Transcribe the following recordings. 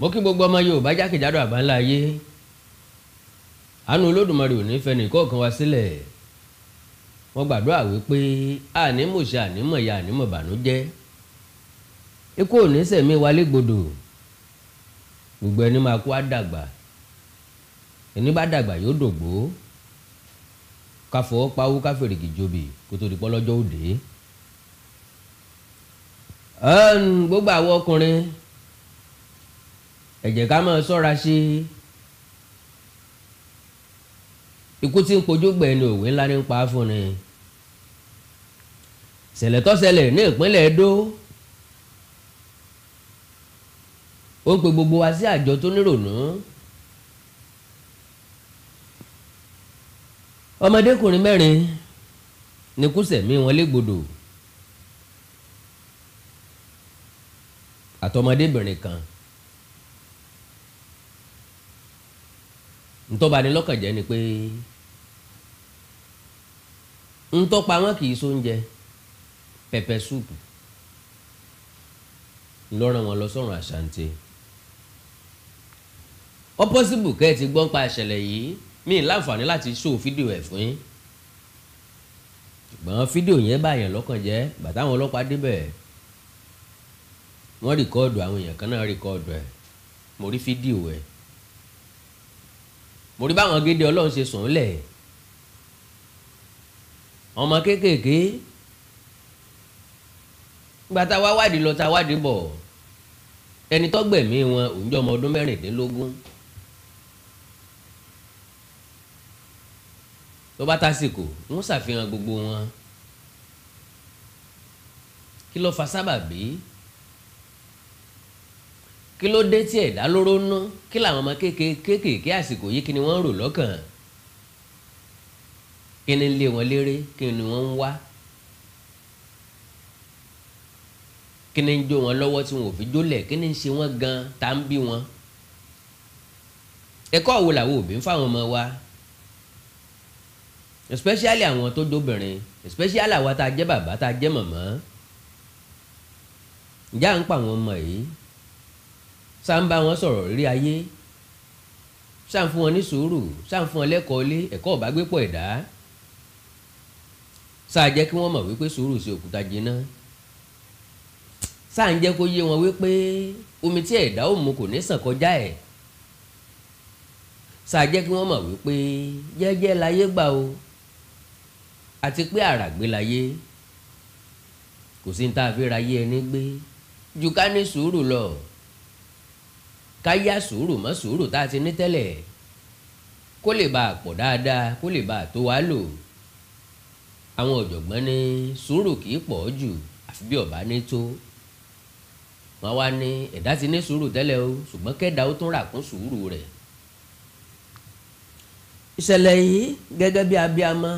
mo kí gbogbo ọmọ Yorùbá jákèjádò àbáńlá ayé àánú Olódùmarè ò ní fẹnì kọ̀ọ̀kan wá sílẹ̀ wọ́n gbàdúrà wípé ànímọ̀ṣe ànímọ̀ya ànímọ̀bànújẹ́ ikú ò ní sẹ̀mí wálé gbòdò gbogbo ẹni máa kú á dàgbà ẹni bá dàgbà yóò dògbò káfọ́ pawó káfèrègì jobi kó di pọ́ òde gbogbo àwọn ọkùnrin ẹ jẹ́ ká máa ṣọ́ra ṣe ikú tí ń pojú gbẹ̀ni òwe ńlá ní pa fún ni ṣẹlẹ̀ tó ṣẹlẹ̀ ní ìpínlẹ̀ Ẹdó ó pe gbogbo wa sí àjọ tó nírònú ọmọdékùnrin mẹ́rin ni kú sẹ̀mí wọn légbodò àtọmọdébìnrin kan. ntọ́ba ni lọ́kàn jẹ́ ni pé ntọ́pa wọn kì í sóúnjẹ pẹpẹ súùpù lọ́ràn wọn lọ sọ́run àṣàǹtì ọpọ́sibù kẹ́ ẹ ti gbọ́n pa ìṣẹ̀lẹ̀ yìí mi ì láǹfààní láti ṣó fídíò ẹ̀ fún yín ṣùgbọ́n fídíò yẹn báyẹn lọ́kàn jẹ́ bàtà àwọn ọlọ́pàá débẹ̀ wọ́n rìkọ́ọ̀dù àwọn èèyàn kan náà rìkọ́ọ̀dù ẹ̀ mo rí fídíò ẹ̀ mo rí báwọn gédé ọlọ́run ṣe sùn lẹ̀ ọmọ kéékèèké gba ta wá wádìí lọ ta wádìí bọ̀ ẹni tó gbẹ̀mí wọn òun jẹ́ ọmọ ọdún mẹ́rìndínlógún tó bá tásìkò wọ́n ṣàfihàn gbogbo wọn kí ló fa sábàbí kí ló dé tí ẹ̀dá lóró ń ná kí làwọn ọmọ kéékèèké àsìkò yìí kí ni wọ́n ń rò lọ́kàn kí ni ń lé wọn léré kí ni wọ́n ń wá kí ni ń jó wọn lọ́wọ́ tí wọn ò fi jólẹ̀ kí ni ń ṣe wọ́n gan tá ń bí wọn ẹ̀kọ́ wo làwọn òbí ń fáwọn ọmọ wa especially àwọn tó dóbìnrin especially àwa tá a jẹ́ bàbá tá a jẹ́ màmá ǹjẹ́ ń pa àwọn ọmọ yìí ṣá ń bá wọn sọ̀rọ̀ rírí ayé ṣá ń fún wọn ní sùúrù ṣá ń fún wọn lẹ́kọ̀ọ́ lé ẹ̀kọ́ ọ̀bágbépọ̀ ẹ̀dá ṣá jẹ́ kí wọ́n mọ̀ wípé sùúrù sí òkúta jiná ṣá ń jẹ́ kó yé wọn wípé omi tí ẹ̀dá ò mu kò ní sàn kọjá ẹ̀ ṣá jẹ́ kí wọ́n mọ̀ wípé jẹ́jẹ́ láyé gbà o àti pé àràgbé láyé kò sí ní tá a fi ra yé ẹni gbé ju ká ní sùúrù lọ ká yá sùúrù mọ́ sùúrù tá a ti ní tẹ́lẹ̀ kó lè bá a pọ̀ dáadáa kó lè bá a tó wá lò àwọn ọ̀jọ̀gbọ́n ní sùúrù kì í pọ̀ jù àfi bí ọ̀bá ní tó wọn wá ní ẹ̀dá ti ní sùúrù tẹ́lẹ̀ o ṣùgbọ́n kẹ́dà ó tún rà kún sùúrù rẹ̀. ìṣẹ̀lẹ̀ yìí gẹ́gẹ́ bí abiyamọ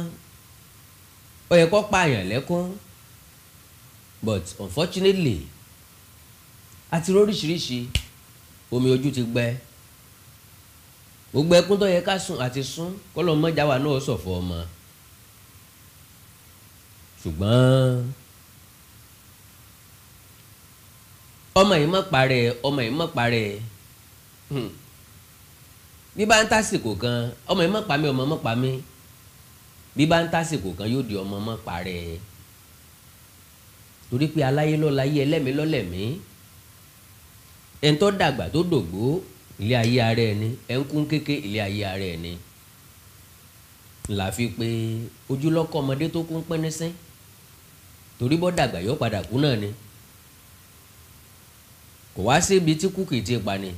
ó yẹ kó pààyàn lẹ́kún but unfortunately àti oríṣiríṣi omi ojú ti gbẹ gbogbo ẹkún tó yẹ ká sùn àti sún kọlọ mọjà wa náà ṣọ̀fọ̀ ọmọ ṣùgbọ́n ọmọ yìí mọ̀ parẹ́ ọmọ yìí mọ̀ parẹ́ hmm. bí bá ń tásìkò kan ọmọ yìí mọ̀ pa mí ọmọ mọ̀ pa mí bí bá ń tásìkò kan yóò di ọmọ mọ̀ parẹ́ torí pé aláyé lọ́láyé ẹlẹ́mìí lọ́lẹ́mìí. ẹni tó dàgbà tó ile ilé ayé ara ẹni ẹnkún kéke ilé ayé ara ẹni là fi pé ojúlọ́kọ̀ ọmọdé tó kún pẹ́ nísìn torí bọ́ dàgbà yóò padà kú náà ni kò wá síbi tí kúkì ti pa ni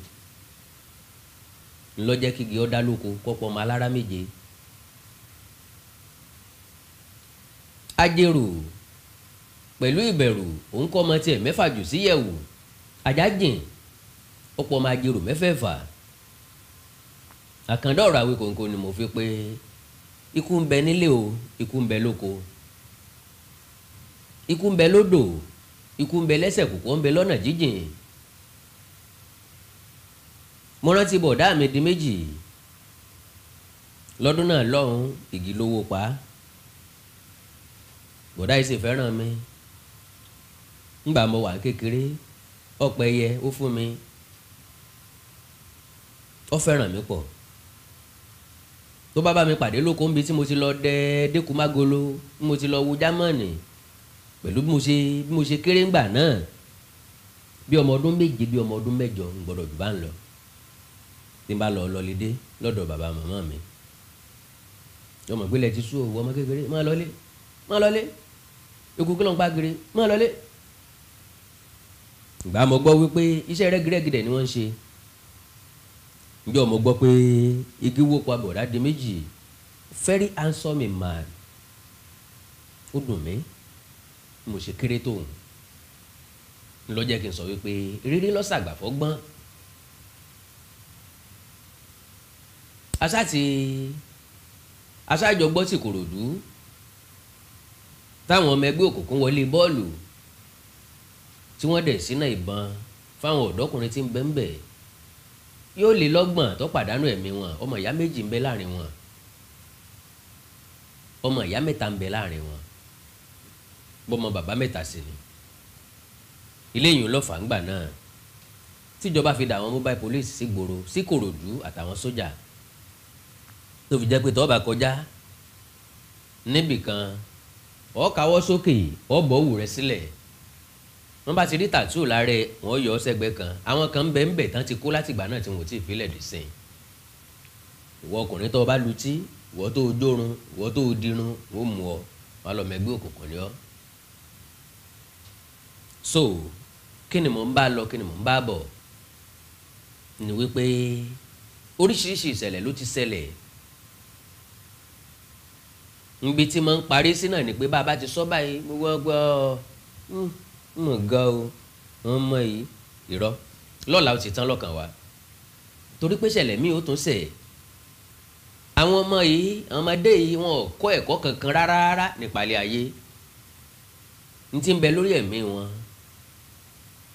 ńlọ́jẹ́ kígi ọ̀dá lóko kọ́pọ̀ ọmọ alára méje ajérò pẹ̀lú ìbẹ̀rù òun kọ́ ọmọ tiẹ̀ mẹ́fà jù síyẹ̀wò ajá jìn ó pọ̀ máa jèrò mẹ́fẹ̀ẹ̀fà àkàndọ̀rọ̀ àwí kòǹkò ni mo fi pé ikú ń bẹ nílé o ikú ń bẹ lóko ikú ń bẹ lódò ikú ń bẹ lẹ́sẹ̀ kòkó ń bẹ lọ́nà jíjìn mo rántí bọ̀dá mi di méjì lọ́dún náà lọ́hùn igi lówó pa bọ̀dá yìí sì fẹ́ràn mi ńgbà mo wà kékeré ọ̀pẹ yẹ ó fún mi ó fẹ́ràn mi pọ̀ tó bá bá mi pàdé lóko níbi tí mo ti lọ dẹ dẹkùmágolo bí mo ti lọ wo jámọ́ọ̀nì pẹ̀lú bí mo ṣe bí mo ṣe kéré ńgbà náà bí ọmọ ọdún méje bí ọmọ ọdún mẹ́jọ ń gbọ́dọ̀ jù bá ń lọ tí n bá lọ lọlídé lọ́dọ̀ bàbá màmá mi ọmọ ìgbélé ti sú òwò ọmọ kékeré má lọlé má lọlé ikú kí ń pa kiri má lọlé ìgbà mo gbọ́ wípé iṣẹ́ rẹ́gírẹ́gírẹ́ ni wọ́n ń ṣe njẹ́ ọmọ gbọ́ pé igi wó pa bọ̀dá di méjì very handsome man ó dùn mí mo ṣe kéré tóun lọ́jẹ́ kí n sọ wípé rírí lọ́sàgbàfọ́ gbọ́n asáti asájọ gbọ́ sí Ìkòròdú táwọn ọmọ ẹgbẹ́ òkùnkùn wọlé bọ́ọ̀lù tí wọ́n dẹ̀ sínà ìbọn fáwọn ọ̀dọ́kùnrin tí ń bẹ́ńbẹ́ẹ́ yóò lé lọ́gbọ̀n tó pàdánù ẹ̀mí wọn ọmọ ìyá méjì ń bẹ láàrin wọn ọmọ ìyá mẹ́ta ń bẹ láàrin wọn bọ́mọ bàbá mẹ́ta sì ni ilé yìí ló fà ń gbà náà tíjọba fi dà àwọn mobile police sí gbòòrò sí kòròdú àtàwọn sójà tó fi jẹ́ pé tọ́ọ̀bà kọjá níbìkan ọ̀ọ́káwọ́ sókè ọ̀ọ́bọ̀ọ́wù rẹ sílẹ̀ wọ́n bá ti rí tàtú láre wọ́n yọ sẹ́gbẹ́ kan àwọn kan bẹ́ẹ̀ ń bẹ̀ tán ti kú látìgbà náà tí wọ́n ti fílẹ̀ dì sìn ìwọ ọkùnrin tó o bá lutí ìwọ tó o dórun ìwọ tó o dirun ó mú ọ wọn lọ mẹgbẹ́ òkùnkùn ni ọ. so kí ni mò ń bá lọ kí ni mò ń bá bọ̀ ni wípé oríṣiríṣi ìṣẹ̀lẹ̀ ló ti ṣẹlẹ̀ nbi tí mo ń parí sí náà ni pé bá a bá ti sọ báyìí mo gbọ́ gbọ́ hmm, mọ̀ ga o wọ́n mọ̀ yìí irọ́ lọ́la ó ti tán lọ́kàn wa torí pé ṣẹlẹ̀ mi ò tún ṣẹ̀ àwọn ọmọ yìí àwọn ọmọdé yìí wọn ò kọ́ ẹ̀kọ́ kankan rárá nípalẹ̀ ayé n ti ń bẹ lórí ẹ̀mí wọn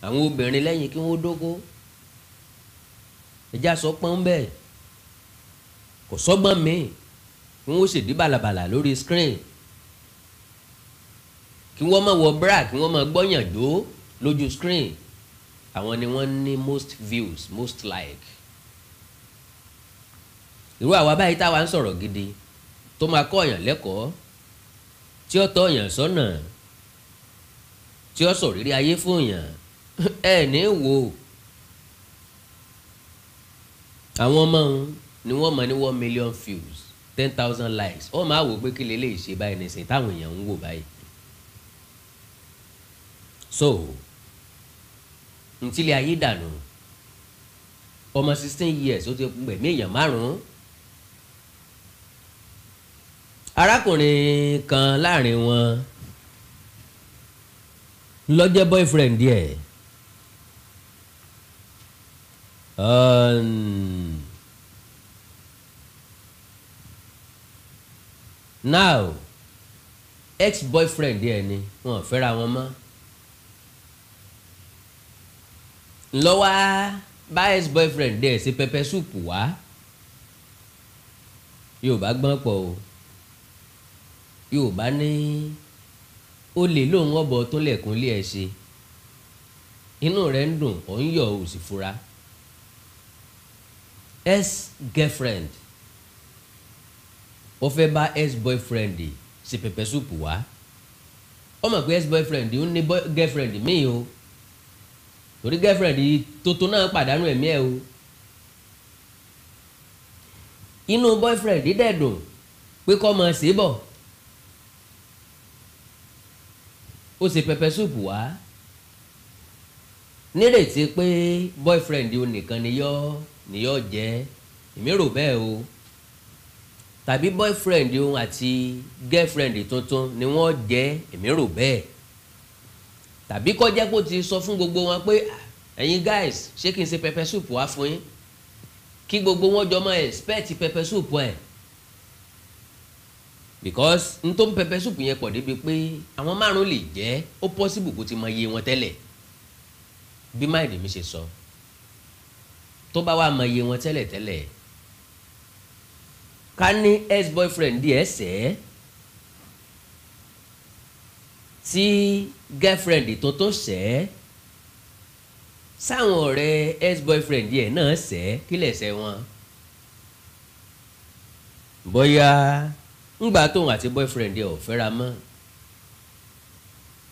àwọn obìnrin lẹ́yìn kí wọ́n dógó ẹja sọ pọ́n bẹ́ẹ̀ kò sọ́gbọ́n mi wọ́n ó ṣèdí bàlàbàlà lórí screen kí wọ́n máa wọ bra kí wọ́n máa gbọ́yàn dó lójú screen àwọn ni wọ́n ní most views most like irú àwa báyìí táwa ń sọ̀rọ̀ gidi tó máa kọ́ ọ̀yàn lẹ́kọ̀ọ́ tí ó tọ́ ọ̀yàn sọ́nà tí ó sọ̀rírí ayé fún ọ̀yàn ẹ ní wò àwọn ọmọ òun ni wọ́n mọ̀ ní one million views ten thousand likes ó máa wò pé kí lè lè ṣe báyìí nìsín táwọn èèyàn ń wò báyìí so ntílẹ̀ ayé dànù ọmọ sixteen years ó ti gbẹ̀mí èèyàn márùn-ún arákùnrin kan láàrin wọn ló jẹ́ boyfriend ẹ̀ um, now ex boyfriend ẹ̀ ni wọn ò fẹ́ra wọn mọ́. ńlọ́wọ́ bá ex boyfriend dẹ̀ ṣe pẹpẹ súùpù wá yorùbá gbọ́n pọ̀ o yorùbá ní ó lè lóun ọ̀bọ tó lẹ̀kún lé ẹ ṣe inú rẹ̀ ń dùn ọ̀ ń yọ̀ ò fura ex girlfriend ó fẹ́ bá ex boyfriend ṣe pẹpẹ súùpù wá ọmọ pé ex boyfriend ó ní girlfriend míì o torí girlfriend tótó náà pàdánù ẹ̀mí ẹ̀ o inú boyfriend dẹ̀ dùn pé kọ́ mọ̀ sí bọ̀ ó ṣe pẹpẹ súùpù wá nírètí pé boyfriend o nìkan niyọ́ niyọ́ jẹ́ èmi rò bẹ́ẹ̀ o tàbí boyfriend òun àti girlfriend tuntun ni wọ́n jẹ́ èmi rò bẹ́ẹ̀ tàbí kó jẹ́ pé ó ti sọ fún gbogbo wọn pé ah, ẹ̀yin guys ṣé kí n ṣe pepper soup wá fún yín kí gbogbo wọn jọ máa expect pepper soup ẹ̀ because n tó ń pepper soup yẹn pọ̀ débi pé àwọn márùn lè jẹ́ ó possible kó ti mọ iye wọn tẹ́lẹ̀ bí máìlì mi ṣe sọ tó bá wà mọ iye wọn tẹ́lẹ̀ tẹ́lẹ̀ ká ní ex boyfriend díẹ̀ sẹ́ẹ́ tí girlfriend tó tó ṣẹ́ ẹ́ sáwọn ọ̀rẹ́ ex-boyfriend yẹn náà ṣẹ́ kí lẹ̀ṣẹ̀ wọn. bóyá ńgbà tóun àti boyfriend yẹn ò fẹ́ra mọ́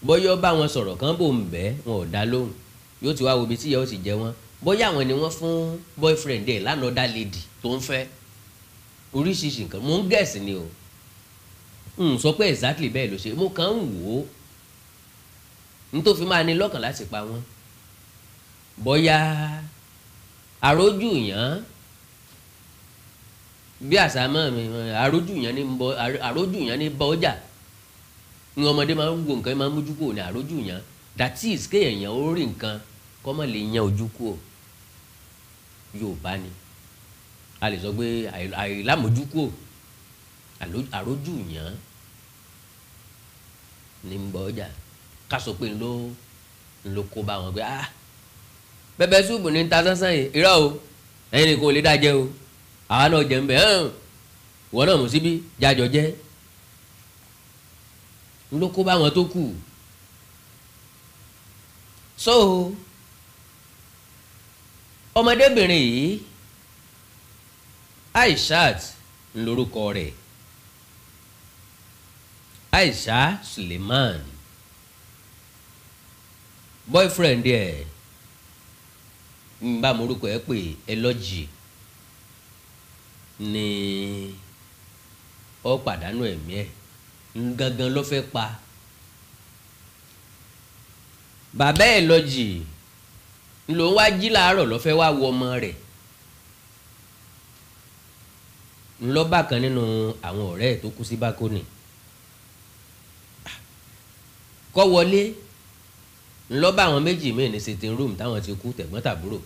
bóyá bá wọn sọ̀rọ̀ kan bò ń bẹ́ wọn ò dá lóhùn yóò ti wá wo ibi tí yẹn ó sì jẹ wọn bóyá àwọn ni wọ́n fún boyfriend yẹn lánàá dá lady tó ń fẹ́ oríṣiríṣi nǹkan mò ń gẹ̀ẹ́sì ni o n sọ pé exactly bẹ́ẹ̀ ló ṣe mo kàn ń wò ó nítorí máa ní lọ́kàn láti pa wọ́n bóyá àrójù yàn bí àsámọ́ mi àrójù yàn ní bọ́ àrójù yàn ní bọ́ ọjà ní ọmọdé máa ń wo nǹkan máa ń mójú kúrò ní àrójù yàn that is kéèyàn ó rí nǹkan kọ́ lè yan ojú kúrò Yorùbá ni a lè sọ pé àìlámójú kúrò àrójù yàn ní bọ́ ká sọ pé ló ló kó wọn pé ah bẹbẹ súùpù ní ta sánsán yìí irọ́ o ẹ̀yin nìkan ò lè dá o àwa náà jẹ ń bẹ hàn wọn náà mú síbí jájọ jẹ ló kó bá wọn tó kù so ọmọdébìnrin yìí Aishat ńlorúkọ rẹ̀ Aisha Suleiman boyfriend ẹ̀ n bá morúkọ ẹ pé ẹlọ́jì ni ọ pàdánù ẹ̀mí ẹ̀ ń gangan ló fẹ́ pa bàbá ẹ̀ lọ́jì ló ń wá jí làárọ̀ ló fẹ́ wá wo ọmọ rẹ̀ ńlọ́bà kan nínú àwọn ọ̀rẹ́ tó kú sí bákónì ah, kọ́ wọlé ńlọ́ba àwọn méjì míì ní sitting room táwọn ti kú tẹ̀gbọ́n tàbúrò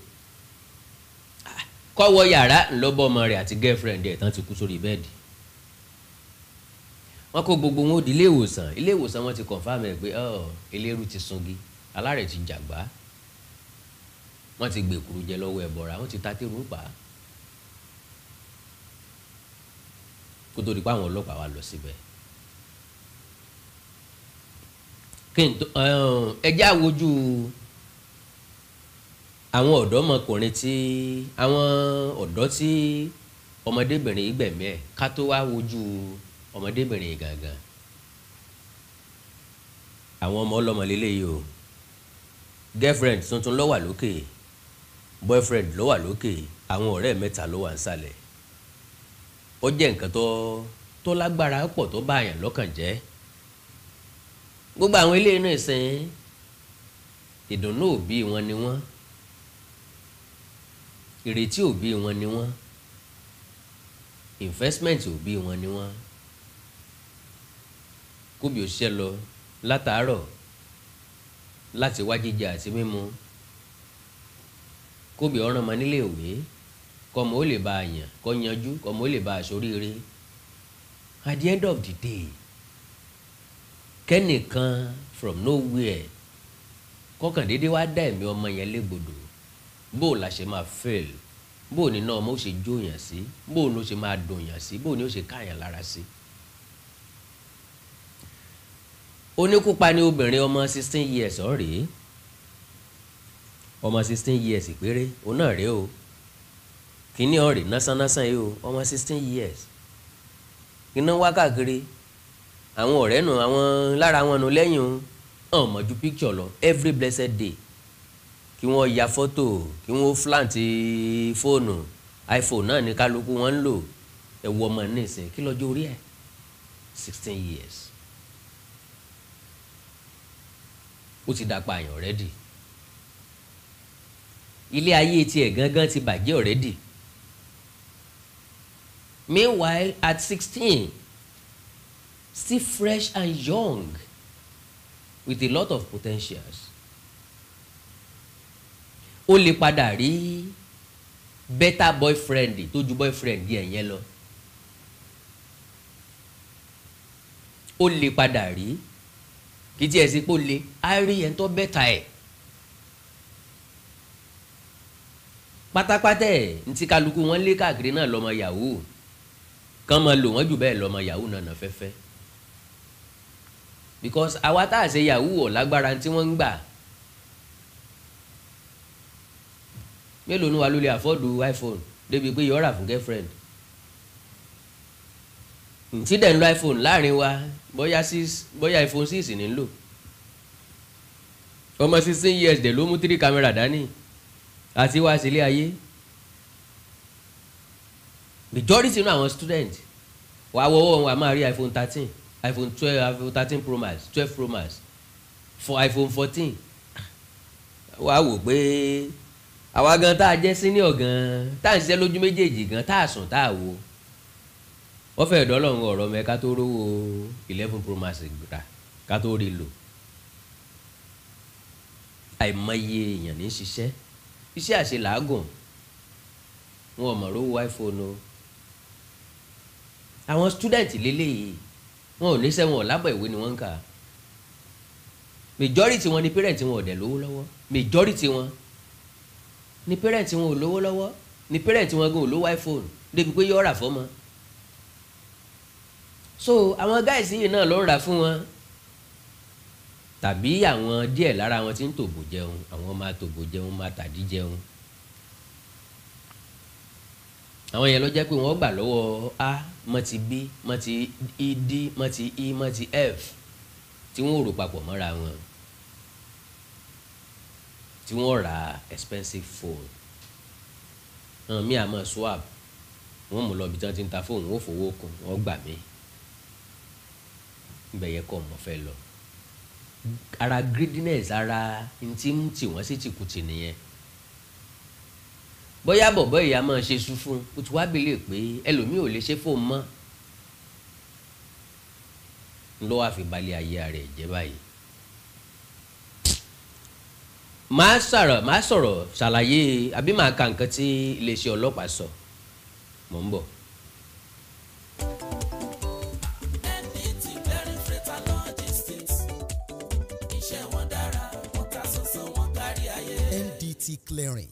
ah, kọ́wọ́ yàrá ńlọ́bọ ọmọ rẹ̀ àti girlfriend ẹ̀ tán ti kú sórí bẹ́ẹ̀dì wọ́n kó gbogbo wọn di ilé ìwòsàn ilé ìwòsàn wọn ti confam ẹ̀ pé ọ́ oh, eléru ti sungi alárẹ̀ ti jàgbá wọ́n ti gbèkúrú jẹ lọ́wọ́ ẹ̀bọ̀ra wọ́n ti ta tẹ́rù pa kó tó di pa àwọn ọlọ́pàá wa lọ síbẹ̀. Si kí n tó ẹjẹ́ àwojú àwọn ọ̀dọ́mọkùnrin tí àwọn ọ̀dọ́ tí ọmọdébìnrin yìí gbẹ̀mí ẹ̀ ká tó wá wojú ọmọdébìnrin yìí gangan àwọn ọmọ ọlọ́mọ lélẹ́yìí o girlfriend tuntun ló wà lókè boyfriend ló wà lókè àwọn ọ̀rẹ́ mẹ́ta ló wà nísàlẹ̀ ó jẹ́ nǹkan tó tó lágbára pọ̀ tó bá àyàn lọ́kàn jẹ́ gbogbo àwọn ilé inú ìsìn ìdùnnú òbí wọn ni wọ́n ìrètí òbí wọn ni wọ́n investment òbí wọn ni wọ́n kóbi òṣìṣẹ́ lọ látàárọ̀ láti wá jíjẹ àti mímu kóbi ọ̀ràn mọ nílé ìwé kọ́mọ ó lè bá a yàn kọ́ yanjú kọ́mọ ó lè bá a ṣoríire at the end of the day kẹ́nìkan from nowhere kọ́kàn déédé wá dá ẹ̀mí ọmọ yẹn légbodò bó o la ṣe máa fail bó o ní náà ọmọ ó ṣe jóyàn sí bó o ní ó ṣe máa dùnyàn sí bó o ní ó ṣe káyàn lára sí. oníkópa ni obìnrin ọmọ sixteen years ọ̀rẹ́ ọmọ sixteen years péré òun náà rèé o kìíní ọ̀rẹ́ násánásán yìí o ọmọ sixteen years iná wá káàkiri àwọn ọ̀rẹ́ nù àwọn lára wọn nù lẹ́yìn o hàn mọ́jú picture lọ every blessed day kí wọ́n ya fọ́tò kí wọ́n flant fóònù iphone náà ní kálukú wọn ń lò ẹ wo ọmọ nísìn kí lọ́jọ́ orí ẹ̀ sixteen years ó ti dàpọ̀ àyàn already ilé ayé tiẹ̀ gangan ti bàjẹ́ already meanwhile at sixteen still fresh and young with a lot of potentials ó lè padà rí better boyfriend tó ju boyfriend yẹn yẹn lọ ó lè padà rí kì í tiẹ̀ sí pé ó lè á rí ẹni tó bẹ́tà ẹ̀ pátápátá ẹ̀ ní ti kálukú wọn lé káàkiri náà lọ́mọ yahoo kán máa lò wọ́n jù bẹ́ẹ̀ lọ́mọ yahoo náà náà fẹ́fẹ́ because àwa tá à ṣe yahoo ọ̀ lágbára tí wọ́n ń gbà mélòó ni wa ló lè àfọ́dù iphone débi pé yọ̀ọ́ rà fún girlfriend tí dẹ̀ ń lo iphone láàrin wa bóyá six bóyá iphone six ní ń lò ọmọ sixteen years dẹ̀ ló mú three camera dání àti wá sílé ayé majority nínú àwọn student wàá wọ́wọ́ wọn wàá máa rí iphone thirteen iphone 12, iphone 13 pro max 12 pro max for iphone 14. fourteen wàá wò pé àwa gan tá a jẹ́ senior gan tá à ń ṣiṣẹ́ lójú méjèèjì gan tá a sùn tá a wò wọ́n fẹ́ dọ́lọ́run ọ̀rọ̀ mẹ́ ká tó rówó eleven pro max gbà ká tó rí lò àìmọye èèyàn ní ṣiṣẹ́ iṣẹ́ àṣelàágùn wọn ò mọ̀ rówó iphone o àwọn student lélẹ́yìí wọn ò níṣẹ́ wọn ò lábọ̀ ìwé ni wọ́n ń kà majority wọn ni parents wọn ò dẹ̀ lówó lọ́wọ́ majority wọn ni parents wọn ò lówó lọ́wọ́ ni parents wọn gan ò lówó iPhone débi pé yọ̀ọ́ rà fọ́mọ so àwọn guys yìí náà ló ń rà fún wọn tàbí àwọn díẹ̀ lára wọn ti ń tòbò jẹun àwọn máa tòbò jẹun máa tàdí jẹun àwọn yẹn ló jẹ́ pé wọ́n gbà lọ́wọ́ a mọ ti b mọ ti e d mọ ti e mọ ti f tí wọ́n rò papọ̀ mọ́ra wọn tí wọ́n ra expensive phone hàn mí àmọ́ swap wọ́n mú lọ ibi tí wọ́n ti ń ta fóònù wọ́n fowó kún wọ́n gbà mí ibẹ̀ yẹ kọ́ ọmọ fẹ́ lọ ara greediness ara ntí ń tì wọ́n sí tìkùtì nìyẹn bóyá bọ̀bọ́ ìyá máa ṣe sùn fún un ó ti wá bèlè pé ẹlòmíì ò lè ṣe fóun mọ́ ló wá fi balẹ̀ ayé rẹ̀ jẹ́ báyìí. màá sọ̀rọ̀ màá sọ̀rọ̀ ṣàlàyé àbí màá ka nǹkan tí iléeṣẹ́ ọlọ́pàá sọ mò ń bọ̀. NDT Clearing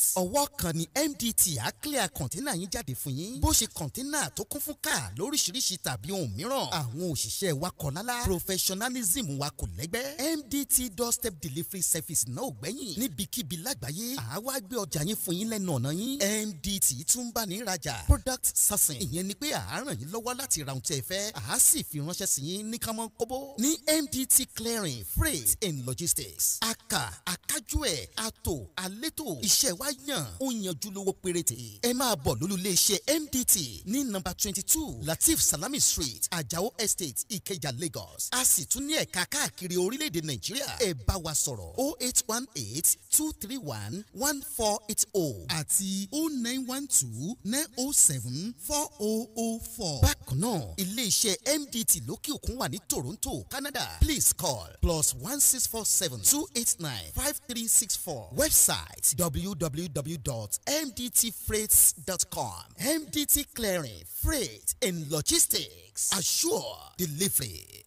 imports. ọwọ́ kan ni MDT á clear kọ̀ńténà yín jáde fún yín. bó ṣe kọ̀ńténà tó kún fún káà lóríṣiríṣi tàbí ohun mìíràn. àwọn òṣìṣẹ́ wa kọ̀ lálá. professionalism wa kò lẹ́gbẹ́. MDT doorstep delivery service náà ò gbẹ́yìn. níbikíbi lágbàáyé àwa gbé ọjà yín fún yín lẹ́nu ọ̀nà yín. MDT tún bá ní ìrajà. product sourcing ìyẹn ni pé à á ràn yín lọ́wọ́ láti ra ohun tí ẹ fẹ́. à á sì fi ránṣẹ́ sí yín ní kámọ́ kóbó. ní MDT clearing freight and logistics. aka akájú ẹ̀ ato àlétò iṣẹ́ wa yàn ó yanjú lówó péréte ẹ máa bọ̀ lólùléeṣẹ́ MDT ní nọ́mbà twenty two Latif Salami Street Ajao Estate Ikeja Lagos a sì tún ní ẹ̀ka káàkiri orílẹ̀-èdè Nàìjíríà ẹ bá wa sọ̀rọ̀ o oh eight one eight two three one one four eight o oh àti o oh nine one two nine o seven four o o four. bákan náà iléeṣẹ́ MDT lókè òkun wà ní Toronto Canada please call plus one six four seven two eight nine five three six four website www www.mdtfreights.com. MDT Clearing, Freight and Logistics. Assure delivery.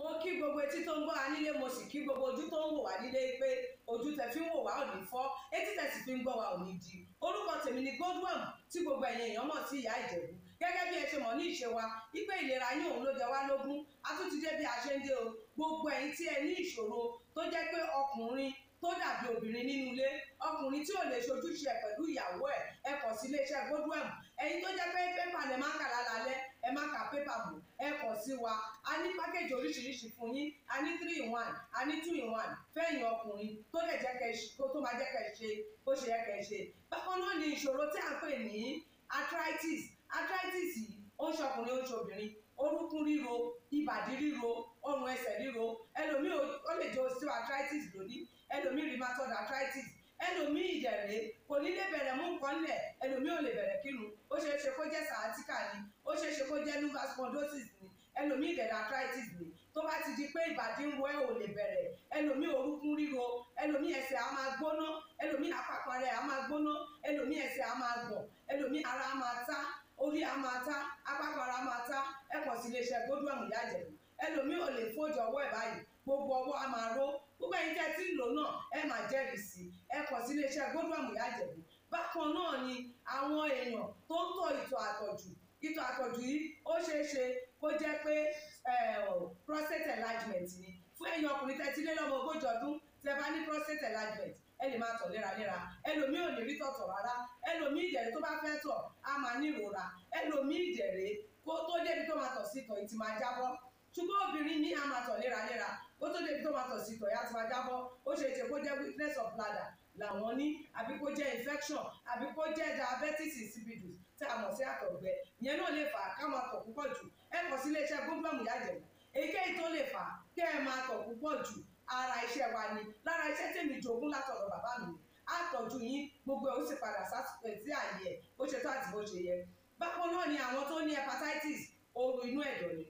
mo kí gbogbo etí tó ń gbọ́ anílé mo sì kí gbogbo ojú tó ń wò wá nílé pé ojú tẹ fi ń wò wá ò ní fọ́ etí tẹ sì fi ń gbọ́ wá ò ní di orúkọ tèmi ni Godwin tí gbogbo ẹ̀yin èèyàn mọ̀ sí ìyá Ìjẹ̀bú gẹ́gẹ́ bí ẹ ṣe mọ̀ ní ìṣe wa ìlera yín òun ló jẹ wá lógún a tún ti dé bí a ṣe ń dé o gbogbo ẹ̀yin tí ẹ ní ìṣòro tó jẹ́ pé ọkùnrin tó dàbí obìnrin nínú ilé ọkùnrin tí ò lè ṣojúṣe ẹ̀ pẹ̀lú ìyàwó ẹ̀ ẹ kọ̀ sí iléeṣẹ́ gbódú ẹ̀mù ẹ̀yin tó jẹ́ pé pépà lè má kà lálálẹ́ ẹ má kà pépà bò ẹ kọ̀ sí wa a ní pákéjì oríṣiríṣi fún yín a ní three in one a ní two in one fẹ́yìn ọkùnrin tó lè jẹ́ kẹ́ tó máa jẹ́ kẹ́ ṣe bó ṣe yẹ kẹ́ ṣe bákan náà ni ìṣòro tí à ń pè ní arthritis arthritis yìí ó ń ṣọkùnrin ó ń ṣobìnrin orúkún ríro ìbàdí ríro ọrùn ẹsẹ̀ ríro ẹlòmíì ó lè jẹ́ osteo arthritis lónìí ẹlòmíì rheumatoid arthritis ẹlòmíì ìjẹ̀rẹ̀ kò ní lè bẹ̀rẹ̀ mú nǹkan lẹ̀ ẹlòmíì ò lè bẹ̀rẹ̀ kírun ó ṣeé ṣe kó jẹ́ sciatica ni ó ṣeé ṣe kó jẹ́ lumbar spondylosis ni ẹlòmíì ìdẹ̀rẹ̀ arthritis ni tó bá ti di pé ìbàdí ń wọ ẹ̀ ò lè bẹ̀rẹ̀ ẹlòmíì orúkún ríro ẹlòmíì ẹsẹ̀ á máa gbóná ẹlòmíì àpapọ̀ rẹ̀ á máa gbóná ẹlòmíì ẹsẹ̀ á máa gbọ̀n ẹlòmíì ara á máa ta orí á máa ta apapọ̀ ara á máa ta ẹ̀pọ̀ sí iléeṣẹ́ gbódú àmúyájẹ̀ ẹlòmíì ò lè fojú ọwọ́ ẹ̀ báyìí gbogbo ọwọ́ á máa ró gbogbo ẹ̀yin tẹ́ ti ń lò náà ẹ máa jẹ́rìí sí ẹ kàn sí iléeṣẹ́ Godwin Muya Àjẹ̀bú bákan náà ni àwọn èèyàn tó ń tọ̀ ìtọ̀ àtọ̀jù ìtọ̀ àtọ̀jù yìí ó ṣeé ṣe kó jẹ́ pé prostate enlargement ni fún ẹ̀yin ọkùnrin tẹ́ ti lé lọ́mọ ogójì ọdún tẹ́ bá ní prostate enlargement ẹ lè máa tọ̀ léraléra ẹlòmíì ò ní rí tọ̀tọ̀ rárá ẹlòmíì ìdẹ̀rẹ̀ tó bá fẹ́ tọ̀ á máa ní ìrora ẹlòmíì ìdẹ̀rẹ̀ kó tó débi tó máa tọ̀ sí ìtọ̀ ìtì máa jábọ́ ṣùgbọ́n obìnrin ní a máa tọ̀ léraléra ó tó débi tó máa tọ̀ sí tọ̀yà tí wàá jábọ́ ó ṣe ṣe kó jẹ́ weakness of bladder làwọn ní àbí kó jẹ́ infection àbí kó jẹ́ diabetes insipidus tí a mọ̀ sí àtọ̀gbẹ ìyẹn náà lè fà á ká máa tọ̀ púpọ̀ jù ẹ kàn sí iléeṣẹ́ gómìnà yàjẹ̀wò èyíkéyìí tó lè fà á kẹ́ ẹ máa tọ̀ púpọ̀ jù ara iṣẹ́ wa ni lára iṣẹ́ tèmi jogún látọ̀dọ̀ bàbá mi àtọ̀jú yín gbogbo ẹ̀ ó sì padà sásìkò tí àyè ẹ̀ ó ṣe tó àti bó ṣe yẹ bákan náà ni àwọn tó ní hepatitis ooru inú ẹ̀dọ̀ ni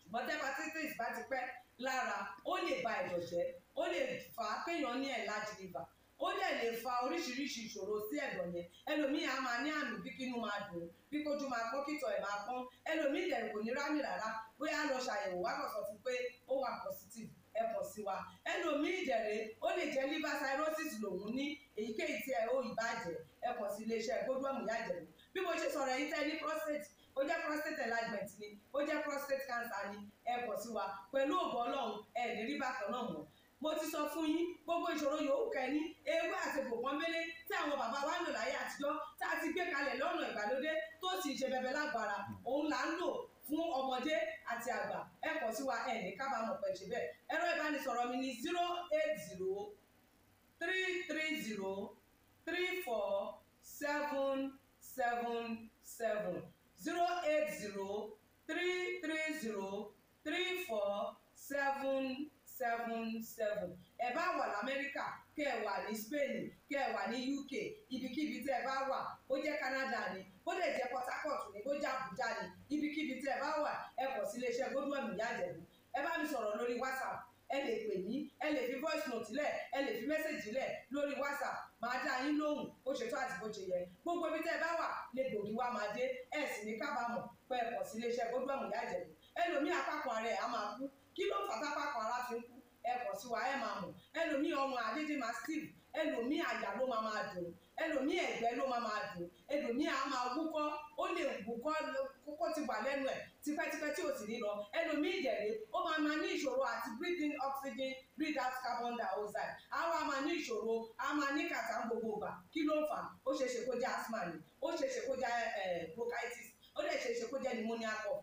ṣùgbọ́n tí hepatitis bá ti pẹ́ lára ó lè ba ẹ̀dọ̀ jẹ́ ó lè fà á péyàn ní enlarged liver ó dẹ̀ lè fa oríṣiríṣi ìṣòro sí ẹ̀dọ̀ yẹn ẹlòmíì á máa ní àmì bí kínú máa dùn bí kójú máa pọ́n kìtọ̀ ẹ̀ máa pọ́n ẹlòmíì dẹ̀ kò ní rámì rárá bóyá lọ ṣàyẹ̀wò wá kàn fún pé ó wà positive ẹ kàn sí wa ẹlòmíì dẹ̀rẹ̀ ó lè jẹ́ liver cirrhosis lòun ní èyíkéyìí tí ẹ ó ìbàjẹ́ ẹ kàn sí iléeṣẹ́ gbódúọ̀mù yájẹ̀mú bí mo ṣe sọ̀rọ̀ yìí tẹ́ prostate ó jẹ́ prostate enlargement ni ó jẹ́ prostate cancer ni ẹ bọ̀ sí wa pẹ̀lú ògbọ́n ọlọ́run ẹ lè rí bákan náà mọ́ mo ti sọ fún yín gbogbo ìṣòro yòówù kẹ́ni ewé àti bòbọ́n mélé tí àwọn bàbá wa ń lò láyé àtijọ́ tá a ti gbé kalẹ̀ lọ́nà ìgbàlódé tó sì ṣe bẹbẹ lágbára òun là ń lò fún ọmọdé àti àgbà ẹ kọ sí wa ẹ ní kábàámọ̀ pẹ̀ ṣe bẹ́ẹ̀ ẹ̀rọ ìbánisọ̀rọ̀ mi ni zero eight zero three three zero three four seven seven seven zero eight zero three three zero three four seven seven seven ẹ bá wà lamẹ́ríkà kẹ́ ẹ wà ní spain kẹ́ ẹ wà ní uk ibikíbi tẹ́ ẹ bá wà ó jẹ́ canada ni ó lè jẹ́ port harcourt ni ó jẹ́ abuja ni ibikíbi tẹ́ ẹ bá wà ẹ kọ̀ sí iléeṣẹ́ gbódúwẹ̀mí yájẹ̀bù ẹ bá mi sọ̀rọ̀ lórí whatsapp ẹ lè pè mí ẹ lè fi voice note lẹ̀ ẹ lè fi message lẹ̀ lórí whatsapp máa dá yín lóhùn bó ṣe tó àti bó ṣe yẹ gbogbo ibi tẹ́ ẹ bá wà lè gbòógì wá máa dé ẹ sì ní kábàámọ̀ pé ẹ kàn sí iléeṣẹ́ gbogbo àmúyá ìjẹ̀bù ẹlòmíì apákan ara ẹ̀ á máa kú kí ló fà tápákan ara fi ń kú ẹ kàn sí wa ẹ máa mọ̀ ẹlòmíì ọmọ adédèmá steve ẹlòmíì àyà ló máa máa dùn ẹlòmíì ẹ̀gbẹ́ ló máa máa dùn ẹlòmíì á máa wúkọ́ ó lè kókó ti wà tí sì lọ ẹlòmíì ó máa máa ní ìṣòro àti oxygen breathe out carbon dioxide wá máa ní ìṣòro máa ní kàtà gbogbo asthma ni ó ṣeéṣe kó eh, bronchitis ó ṣeéṣe kó pneumonia cough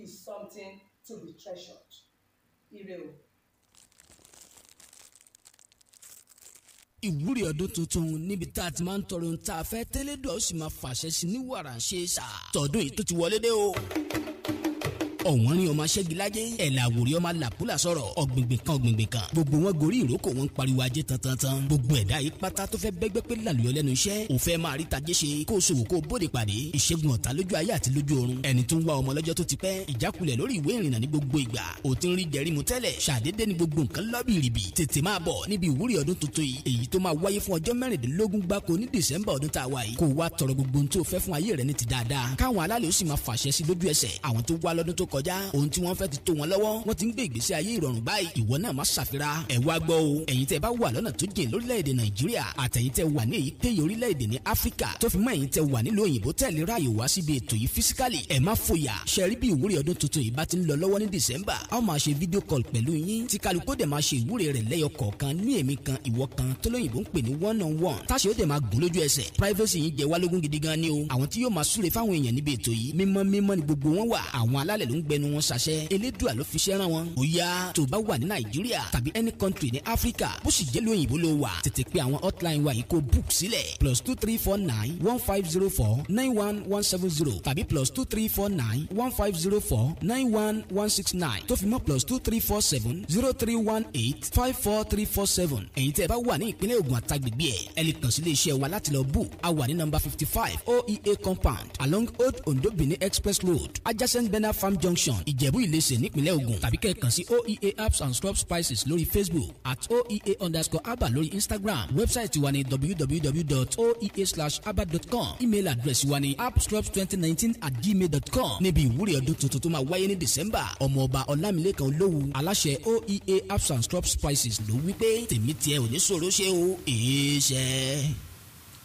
is something to be treasured. Ire o. ìwúrí ọdún tuntun níbi tá a ti máa ń tọrọ ohun tá a fẹ́ tẹ́lẹ̀ dọ̀ ó sì máa fàṣẹ sí ní wàrà ṣe é ṣá. tọdún yìí tó ti wọlé dé o ọ̀wọ́n rin ọmọ aṣẹ́gilájé ẹ̀làwòrí ọmọ làkúlà sọ̀rọ̀ ọ̀gbìngbìn kan ọ̀gbìngbìn kan gbogbo wọn gorí ìrókò wọn pariwo ajé tantantan gbogbo ẹ̀dá yìí pátá tó fẹ́ bẹ́gbẹ́ pé làlùyọ lẹ́nu iṣẹ́ ò fẹ́ máa rí tajé ṣe kó ṣòwò kó bóde pàdé ìṣègùn ọ̀tá lójú ayé àti lójú ọ̀run ẹni tó ń wá ọmọ lọ́jọ́ tó ti pẹ́ ìjákulẹ̀ lórí ìwé ìrìnnà ní gbogbo ìgbà ò ti ń rí jẹrímu tẹ́lẹ̀ ṣàdédé ni gbogbo nǹkan lọ́bìrìbì tètè máa bọ̀ níbi ìwúrí ọdún tuntun yìí èyí tó máa wáyé fún ọjọ́ mẹ́rìndínlógún gbáko ní dẹ̀sẹ̀mbà ọdún tá a wà yìí kó wá tọrọ gbogbo ohun tó fẹ́ fún ayé rẹ̀ ní ti dáadáa káwọn alálẹ̀ ó sì máa fàṣẹ sí lójú ẹsẹ̀ àwọn tó wá lọ́dún tó k kọjá ohun tí wọ́n fẹ́ ti tó wọn lọ́wọ́ wọ́n ti ń gbé ìgbésí ayé ìrọ̀rùn báyìí ìwọ náà má ṣàfira ẹ̀ wá gbọ́ o ẹ̀yin tẹ́ bá wà lọ́nà tó jìn lórílẹ̀‐èdè nàìjíríà àtẹ̀yin tẹ́ wà ní èyíkéyìí orílẹ̀‐èdè ní áfíríkà tó fi mọ́ ẹ̀yin tẹ́ wà nílùú òyìnbó tẹ̀lé ráàyè wá síbi ètò yìí físíkàlì ẹ̀ má fòyà ṣẹ́rí bí ìwúrí ọdún tuntun yìí bá ti ń lọ lọ́wọ́ ní december a ó máa ṣe fídíò kọ́l pẹ̀lú yín tí kálukú dẹ̀ máa ṣe ìwúrí rẹ̀ lẹ́yọ kọ̀ọ̀kan ní èmi kan one on one táṣe ó dẹ̀ máa gùn lójú privacy yìí jẹ́ wá lógún gidi gan ni o àwọn tí yóò máa súre fáwọn èèyàn níbi ètò yìí mímọ́ mímọ́ ni gbogbo wọn wà àwọn alálẹ̀ ló ń gbẹnu wọn ṣàṣẹ elédùà ló fi ṣẹ́ rán wọn. ó yá tó bá wà ní nàìjíríà tàbí any country ní áfíríkà bó sì jẹ́ lóyìnbó ló wà tètè pé àwọn hotline wa yìí kó book sílẹ̀ plus two three four nine one five zero four nine one one seven zero tàbí plus two three four nine one five zero four nine one one six nine tó fi mọ́ plus two three four seven zero three one eight five four three four seven èyí tẹ́ ẹ bá wà ní ìpínlẹ̀ Ògùn àtàgbègbè ẹ̀ ẹ lè kàn sí iléeṣẹ́ wa láti lọ book a wà ní number fifty five oea compound along old ondo benin express road adjacent benin farm junction junction ìjẹ̀bú ìlẹsẹ̀ nípínlẹ̀ Ògùn tàbí kẹ́ẹ̀kan sí oea apps and stop spices lórí facebook at oea underscore aba lórí instagram wẹ́bsáìtì wa ní www.oea/aba.com email address wa ní appstrops2019 at gmail.com níbi ìwúrí ọdún tuntun tó máa wáyé ní december ọmọọba ọlámilẹ́kan olówu aláṣẹ oea apps and stop spices ló wí pé tèmi tiẹ̀ ò ní sọ̀rọ̀ ṣe o èé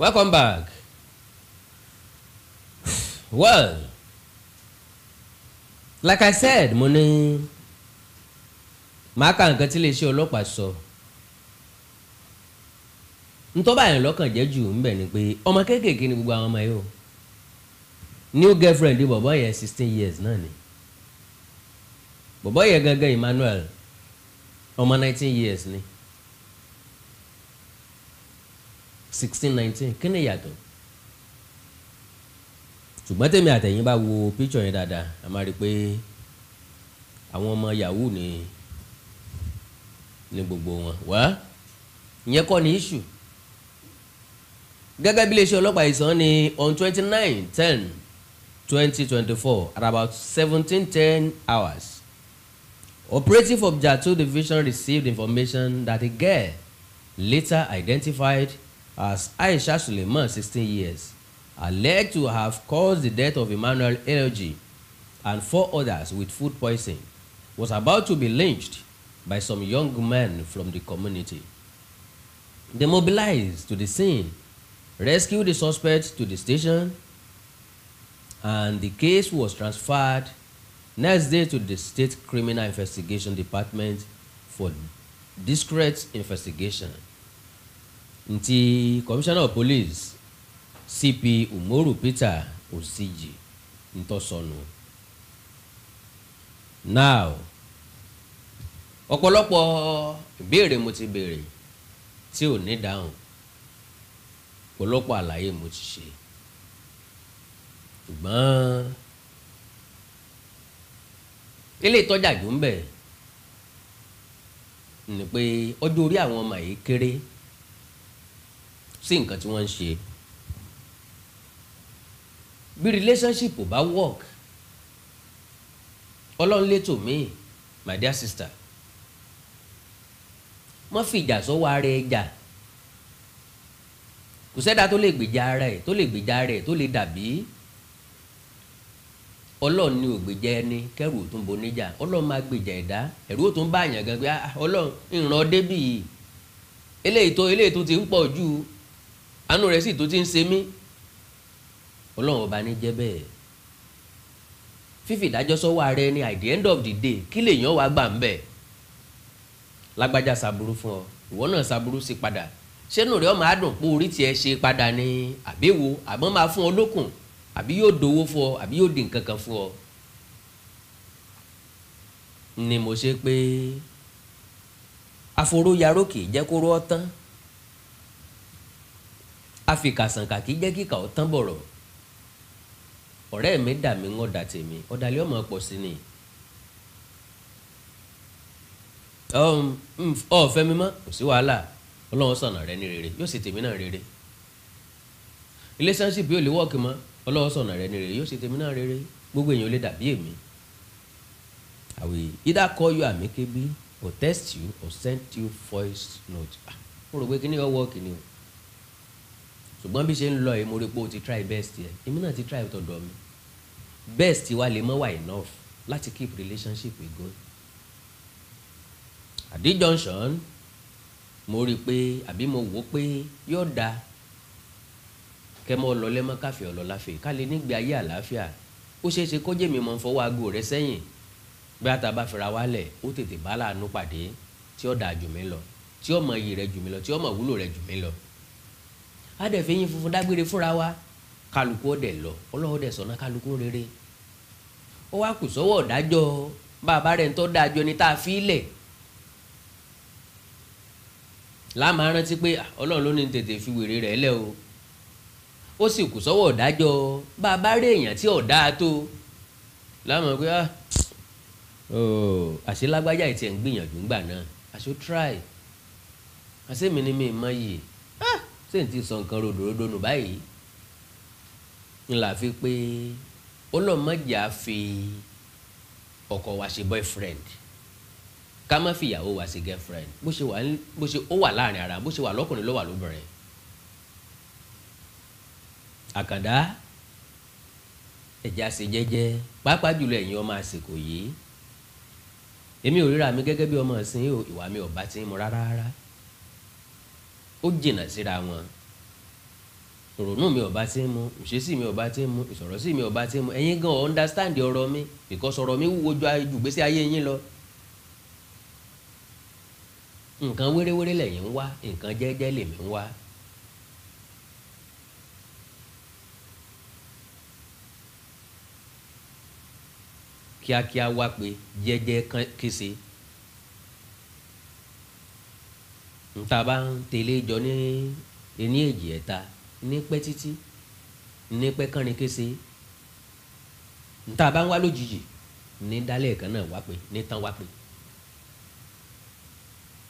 welcome back. well like i said mo ní màá ka nǹkan tí iléeṣẹ́ ọlọ́pàá sọ ntọ́ba yẹn lọ́kàn jẹ́ jù ńbẹ̀ ni pé ọmọ kéékèèké ni gbogbo àwọn ọmọ yìí o new girlfriend bọ̀bọ̀ yẹn sixteen years náà ni bọ̀bọ̀ yẹn gangan Emmanuel ọmọ nineteen years ni sixteen nineteen kí ni yàtọ̀ ṣùgbọ́n tèmi àtẹ̀yìn bá wo píṣọ̀ yẹn dáadáa a máa rí i pé àwọn ọmọ yahoo ni ni gbogbo wọn wá ìyẹn kọ́ ni issue gẹ́gẹ́ bí iléeṣẹ́ ọlọ́pàá ìsàn ni on twenty nine ten twenty twenty four at about seventeen ten hours operative of Jatau division received information that a girl later identified as Aisha Suleiman sixteen years alleged to have caused the death of Emmanuel Elgi and four others with food poisoning, was about to be lynched by some young men from the community. They mobilized to the scene, rescued the suspect to the station, and the case was transferred next day to the State Criminal Investigation Department for discreet investigation. Nti Commissioner of Police cp umoru peter osiji ntọ́sọnù now ọpọlọpọ ìbéèrè mo ti béèrè tí ò ní dáhùn ọ̀pọ̀lọpọ̀ àlàyé mo ti ṣe ṣùgbọ́n ilé ìtọ́jà jù ń bẹ̀ ni pé orí àwọn ọmọ yìí kéré sí nǹkan tí wọ́n ń ṣe. bí relationship ò bá work ọlọ́run létò míì my dear sister má fi ìjà sọ́wọ́ ara ẹ jà kò sẹ́dá tó lè gbèjà ara ẹ̀ tó lè gbèjà ara ẹ̀ tó lè dàbí ọlọ́run ni ògbèjà ẹni kẹrù tó ń bo níjà ọlọ́run máa gbèjà ẹ̀dá ẹ̀rú tó ń bá àyàn gan pé ah, ah, ọlọ́run ìran débì yìí eléyìí tó eléyìí tó ti ń pọ̀ jù àánú rẹ̀ sì tó ti ń ṣe mí ọlọ́run ọba ní jẹ́ bẹ́ẹ̀ fífi ìdájọ́ sọ́wọ́ ara ẹni at the end of the day kí lèèyàn wá gbà ń bẹ̀ lágbájá ṣàbúrú fún ọ ìwọ náà ṣàbúrú sí padà ṣẹ́nu rẹ̀ ọmọ adùn pé orí tiẹ̀ ṣe padà ní àbẹ̀wò àmọ́ máa fún ọ lókun àbí yóò dowó fún ọ àbí yóò di nǹkan kan fún ọ ni mo ṣe pé aforóyaró kì jẹ́ kó rọ́ tán afikàsànkà kì í jẹ́ kíkà ọ́ tán bọ̀rọ̀ ọ̀rẹ́ mi dà mí ń ọ̀dà tèmi ọ̀dàlẹ́ ọmọ pọ̀ sí ni um, mm, ọ̀fẹ́ mi mọ́ kò sí wàhálà ọlọ́run sọ̀nà rẹ ní rere yóò sì tèmi náà rere relationship yóò lè wọ́ọ̀kì mọ́ ọlọ́run sọ̀nà rẹ ní rere yóò sì tèmi náà rere gbogbo èèyàn lè dàbí èmi or you or send you voice note. Ah, mo rò pé kí ni ṣùgbọ́n bí ṣe ń lọ yìí mo rí pé o ti try best yẹ èmi náà ti try tọ̀dọ̀ mi best wa lè mọ́ wà enough láti keep relationship with God. at Johnson, junction mo rí i pé àbí mo wò ó pé yóò da kẹ́ mọ́ lọ lẹ́mọ́ káfíọ̀ lọ láfẹ̀ ká lè nígbé ayé àlàáfíà ó ṣeé ṣe kó jèmi mọ̀ ń fọwọ́ aago rẹ sẹ́yìn bí ata bá fira wálẹ̀ ó tètè bá láàánú pàdé tí ó dáa jù mí lọ tí ó mọ iyì rẹ jù mí lọ tí ó mọ wúlò rẹ jù mí lọ á dẹ̀ fẹ́ yín funfun dágbére fúnra wa kálukú ọ̀dẹ̀ lọ ọlọ́wọ́ dẹ̀ sọ̀nà kálukú rere ó wá kù sọ́wọ́ ọ̀dájọ́ bàbá rẹ̀ ń tọ́ dájọ́ ni tá a fi lẹ̀ láàmú arántí pé ah, ọlọ́run ló ní tètè fi wèrè rẹ̀ lẹ̀ o ó sì kù sọ́wọ́ ọ̀dájọ́ bàbá rẹ̀ èèyàn tí ọ̀dá tó láàmú pé ah àṣé lágbájá ìtẹ̀ ń gbìyànjú ńgbà náà àṣó try àṣé mi ni mi mọ yìí ṣé n ti sọ nǹkan ròdòròdò nù báyìí n là fi pé ọlọ́mọdé á fi ọkọ wa ṣe boyfriend ká má fìyàwó wa ṣe girlfriend bó ṣe wà bó ṣe ó wà láàrin ara bó ṣe wà lọ́kùnrin ló wà lóbìnrin àkàndá ẹ̀já ṣe jẹ́jẹ́ pàápàá jùlọ ẹ̀yin ọmọ àsìkò yìí èmi ò ríra mi gẹ́gẹ́ bí ọmọ ìsìn ìwà mi ò bá ti ń mu rárá rárá ó jìnnà síra wọn ìrònú mi ò bá ti mu ìṣesí mi ò bá ti mu ìsọ̀rọ̀ sí mi ò ti mu ẹ̀yin gan ọ̀ understand ọ̀rọ̀ mi because ọ̀rọ̀ mi wúwo ju ìgbésí ayé yín lọ nǹkan wéréwéré lẹ̀yin ń wá nǹkan jẹ́jẹ́ lèmi ń wá. kíákíá wá pé jẹ́jẹ́ kése tá a bá ń tẹ̀lé jọ ní ní èjì ẹ̀ta ní pẹ́ títí ní pẹ́ kánrin kése tá a bá ń wá lójijì ní dálẹ̀ kan náà wá pé ní tán wá pé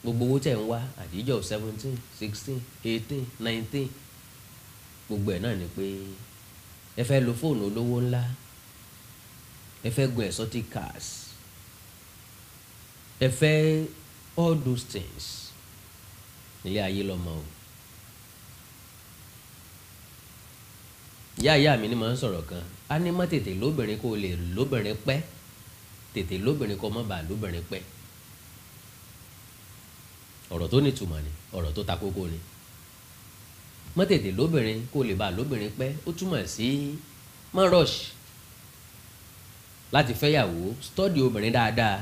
gbogbo owó tẹ̀ ń wá àdíjọ́ seventeen sixteen eighteen nineteen gbogbo ẹ̀ náà ni pé ẹ fẹ́ lo fóònù olówó ńlá ẹ fẹ́ gun exotic cars ẹ fẹ́ all those things ilé ayé lọ́mọ o ìyá ìyá mi ni màá ń sọ̀rọ̀ kan a ní má tètè lóbìnrin kó o lè lóbìnrin pẹ́ tètè lóbìnrin kó o má lóbìnrin pẹ́ ọ̀rọ̀ tó nítumọ̀ ni ọ̀rọ̀ tó ta kókó ni má tètè lóbìnrin kó o lè bàa lóbìnrin pẹ́ ó túmọ̀ sí má rush láti fẹ́yàwó stọ́dì obìnrin dáadáa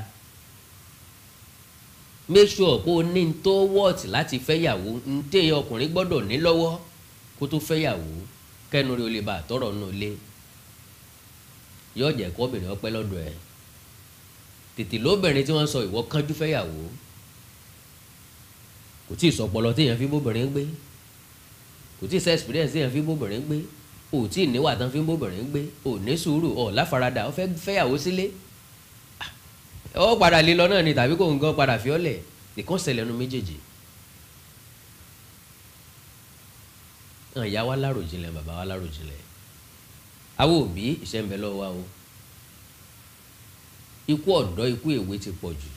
make sure kó o ní tó wọ́ọ̀tì láti fẹ́yàwó ń tẹ ọkùnrin gbọ́dọ̀ ní lọ́wọ́ kó tó fẹ́yàwó kẹ́nu rí o lè bá àtọ́rọ̀ nù lé yóò jẹ́ kó obìnrin ọpẹ́ lọ́dọ̀ ẹ̀ tètè lóbìnrin tí wọ́n sọ ìwọ kánjú fẹ́yàwó kò tí ì sọpọlọ téèyàn fi bóbìnrin gbé kò tí ì sẹ experience téèyàn fi bóbìnrin gbé ò tí ì níwà tán fi bóbìnrin gbé ò ní sùúrù ọ̀ láfaradà ó fẹ́ fẹ́yàwó sílé. Si ó padà lé náà ni tàbí kò ń gan padà fi ọ́ lẹ̀ nìkan ṣẹlẹ̀ nu méjèèjì. hàn ìyá wa láròjinlẹ̀ bàbá wa láròjinlẹ̀ àwọn òbí iṣẹ́ ń bẹ lọ́wọ́ wa o ikú ọ̀dọ́ ikú èwe ti pọ̀ jù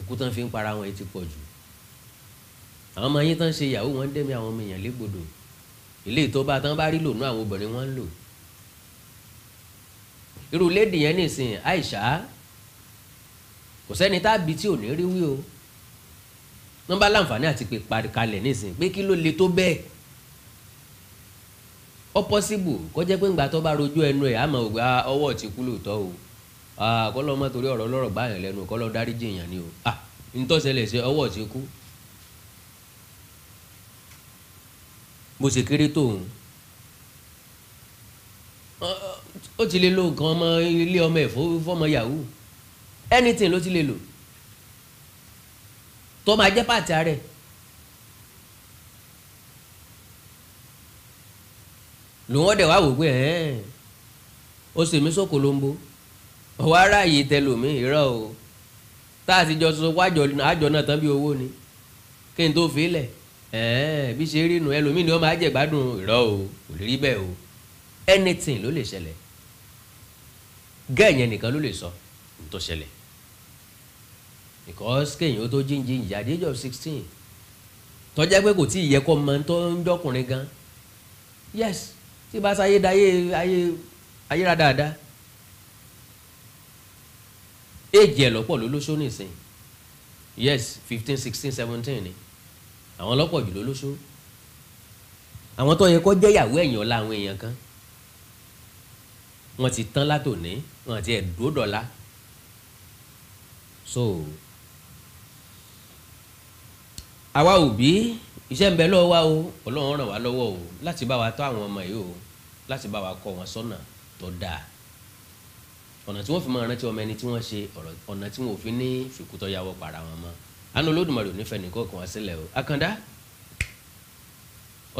ikú tán fi ń para wọn ti pọ̀ jù àwọn ọmọ yín tán ṣe ìyàwó wọn dẹ́mi àwọn ọmọ èèyàn légbodò ilé ìtọ́ba tán bá rí lòun àwọn obìnrin wọn ń lò irú lédi yẹn nìsín Aisha kò sẹ́ni tá a bí tí ò ní rí wí o wọ́n bá láǹfààní àti pé parí kalẹ̀ nísìnyí pé kí ló le tó bẹ́ẹ̀ ó pọ́síbù kó jẹ́ pé ńgbà tó bá rojọ́ ẹnu ẹ̀ àmọ́ ògbà ah, ọwọ́ ti kú lóòótọ́ o ah, kọ́lọ́ mọ́ torí ọ̀rọ̀ lọ́rọ̀ gbáyàn lẹ́nu kọ́lọ́ dáríjì èèyàn ni o à ah, ntọ́sẹ̀lẹ̀ ṣe ọwọ́ ti kú bó ṣe kéré o ó ti lè lo nǹkan ọmọ ilé ọmọ ẹ̀fọ́ fọ́mọ yahoo anything ló ti lè lò tó máa jẹ́ pàtì àárẹ̀ lòun ọ̀dẹ̀ wá wò pé ó sì mí sóko ló ń bo ọ̀wọ́ aráàyè tẹlomi ìrọ̀ o tá a ti jọ sọ wájọ àjọ náà tán bí owó ni kí n tó fi lẹ̀ bí ṣe rí nu ẹlòmíì ni wọ́n máa jẹ̀gbádùn ìrọ̀ o kò rí bẹ́ẹ̀ o anything ló lè ṣẹlẹ̀ gẹ́ẹ̀yẹn nìkan ló lè sọ ohun tó ṣẹlẹ̀ because kéèyàn ó tó jíǹjìn ìyá àdéjọ sixteen tọ́jà pé kò tí ì yẹ kó mọ tó ń jọkùnrin gan yes tí bá sáyé dayé ayé ayéra dáadáa éèjì ẹ̀ lọ́pọ̀ ló lóṣó nìsín yes fifteen sixteen seventeen ni àwọn lọ́pọ̀ jù ló lóṣó àwọn tó yẹ kó jẹ́ ìyàwó ẹ̀yìn ọ̀la àwọn èèyàn kan wọ́n ti tán látòní wọ́n ti ẹ̀ dúró dọ̀la so àwa òbí iṣẹ́ ń bẹ lọ́wọ́ wa o ọlọ́run ràn wá lọ́wọ́ o láti bá wa tọ́ àwọn ọmọ yìí o láti bá wa kọ́ wọn sọ́nà tó dáa ọ̀nà tí wọ́n fi máa rántí ọmọ ẹni tí wọ́n ṣe ọ̀nà tí wọ́n fi ní fìkútọ́ yàwọ̀ para wọn mọ́ àánú olódùmarè ò nífẹ̀ẹ́ nìkan kan wá sílẹ̀ o àkàndá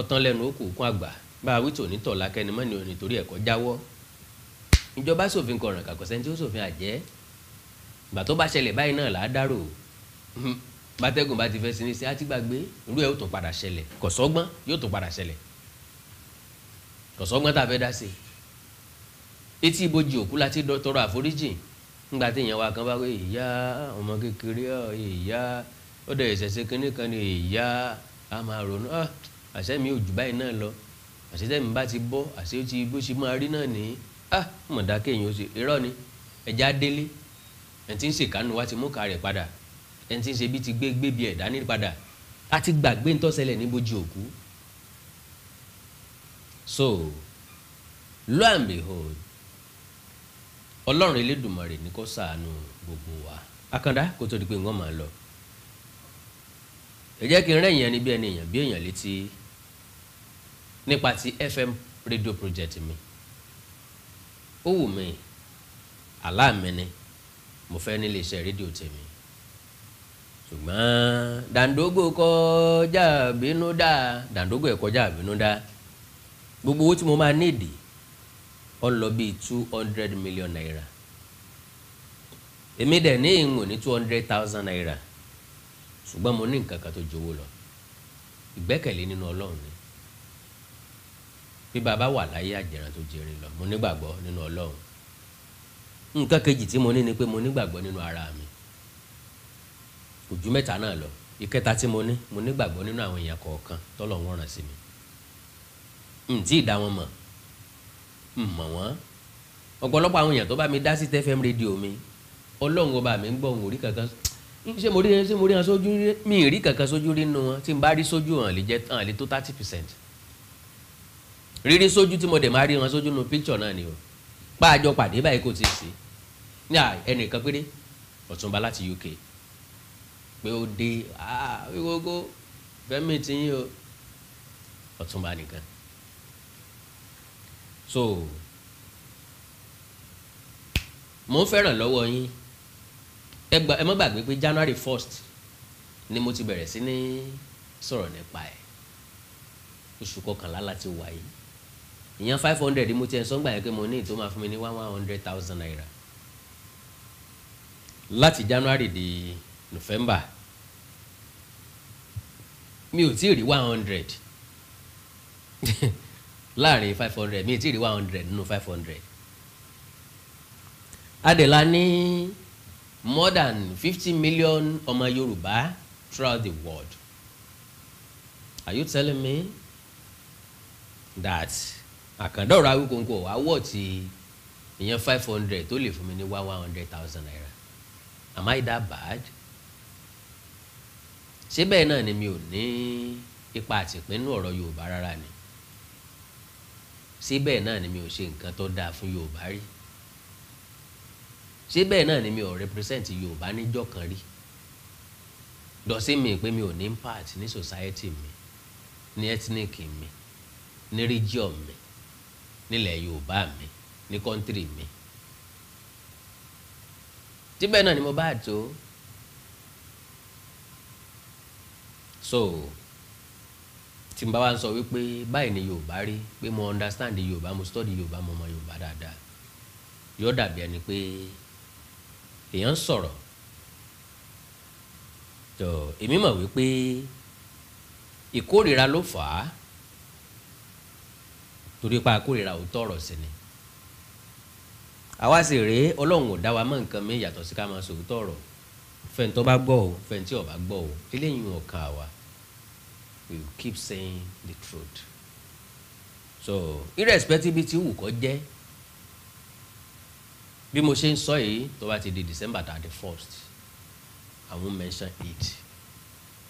ọ̀tán lẹ́nu ó kù kún àgbà bá a wí tòní tọ̀ lákẹ́ni mọ́ni ò nítorí ẹ̀kọ́ jáwọ́ ìjọba ṣòfin kọ̀ọ̀ràn kàkọ́sẹ́ni tí ó ṣòfin àjẹ́ ìgbà tó bá ṣẹlẹ̀ báyìí náà là dárò bátẹ́gùn bá ti fẹ́ sinmi sí àti gbàgbé irú ẹ̀ yóò tún padà ṣẹlẹ̀ kọ̀sọ́gbọ́n yóò tún padà ṣẹlẹ̀ kọ̀sọ́gbọ́n tá a fẹ́ dá sí i etí ibojì òkú la ti tọrọ àforíjì ńgbà tí èèyàn wa kan bá wé ìyá ọmọ kékeré ìyá ọdọ ìṣẹ̀ṣẹ̀ kínní kan ní ìyá a máa ronú ah, àṣẹ mi ò jù báyìí náà lọ àṣẹ tẹ́mi bá ti bọ́ àṣẹ ó bó ṣe máa rí náà ní ah mọ̀dákẹ́ èèyàn ó ṣe irọ́ ni ẹja délé ẹ̀ ti ń ṣèkánú wa ti mú kárẹ̀ padà ẹni tí ń ṣe bí ti gbé gbébi ẹ̀dá ní padà a ti gbàgbé ntọ́sẹ̀lẹ̀ níbojú òkú so lo and behold ọlọ́run elédùnmarè ní kó ṣàánú gbogbo wa akanda kó tó di pé wọ́n máa lọ ẹ jẹ́ kí n rẹ́yìn ẹni bí ẹni èèyàn bí èèyàn létí nípa ti FM radio project mi ó wù mí àlá mi ni mo fẹ́ nílé iṣẹ́ rédíò tèmi ṣùgbọ́n dàǹdógò kọjá àbínú dá dàǹdógò ẹ̀ kọjá àbínú dá gbogbo owó tí mo máa nídìí ó lọ bíi two hundred million naira èmi dẹ̀ ní ìwọ̀n ní two hundred thousand naira ṣùgbọ́n mo ní nǹkan kan tó jowó lọ ìgbẹ́kẹ̀lé nínú ọlọ́run ni bí baba wà láyé àjẹrán tó jẹrin lọ mo nígbàgbọ́ nínú ọlọ́run nǹkan kejì tí mo ní ni pé mo nígbàgbọ́ nínú ara mi kò ju mẹ́ta náà lọ ìkẹta tí mo ní mo nígbàgbọ́ nínú àwọn èèyàn kọ̀ọ̀kan tọ́lọ̀ wọn ràn sí mi n tí ì dá wọn mọ̀ n mọ̀ wọ́n ọ̀pọ̀lọpọ̀ àwọn èèyàn tó bá mi dá sí tfm rédíò mi ọlọ́run ọba mi ń gbọ́ òun ò rí kankan ṣé mo rí ṣé mo rí hàn sójú rí mi ì rí kankan sójú rí nínú wọn tí n bá rí sójú hàn lè jẹ́ hàn lè tó thirty percent rírí sójú tí mo dẹ̀ máa rí hàn sójú nu picture náà ni o pàjọ pàdé báyìí kò tí ì sí ní ẹnìkan péré ọ̀túnba láti UK pé ó dé ah, wíwógó fẹ́mi tí yín o ọ̀túnba nìkan so mo ń fẹ́ràn lọ́wọ́ yín ẹ gbà ẹ gbàgbé pé January first ni mo ti bẹ̀rẹ̀ sí ní sọ̀rọ̀ nípa ẹ̀ oṣù kọkànlá láti wà yìí ìyẹn five hundred mo ti ẹ̀ sọ́ngbà yẹn pé mo ní ìtò máa fún mi ní one one hundred thousand naira láti January di. De november mi ò tí ì rí one hundred láàrin five hundred mi ò tí ì rí one hundred nínú five hundred adela ní more than fifty million ọmọ yorùbá throughout the world are you telling me that àkàndá ọ̀rọ̀ awíkóńkó awọ́ ti ìyẹn five hundred tó lè fún mi ní one one hundred thousand naira am I that bad? ṣé bẹ́ẹ̀ náà ni mi ò ní ipa àtìpín nú ọ̀rọ̀ Yorùbá rárá ni ṣé bẹ́ẹ̀ náà ni mi ò ṣe nǹkan tó dáa fún Yorùbá rí ṣé náà ni mi ò represent Yorùbá níjọ́ kan rí dọ̀sí mi pé mi ò ní impact ní society mi ní ethnic mi ní region mi nílẹ̀ Yorùbá mi ní country mi tí bẹ́ẹ̀ náà ni mo bá tó. so tí n bá wa sọ wípé báyìí ni yorùbá rí pé mo understand yorùbá mo study yorùbá mo mọ yorùbá dáadáa yóò dàbí ẹni pé èèyàn ń sọ̀rọ̀ tó èmi mọ̀ wípé ìkórìíra ló fà á torí pa ìkórìíra ò tọrọ sí ni àwa sì rèé ọlọ́run ò dá wa mọ́ nǹkan mi yàtọ̀ sí ká máa sòótọ́ ọ̀rọ̀ fẹ́ni bá gbọ́ o fẹ́ni tí bá gbọ́ o eléyìí ò àwa we will keep saying the truth so irrespective ti wù kọ́ jẹ́ bí mo ṣe ń sọ yìí tó bá ti di December thirty first I won't mention it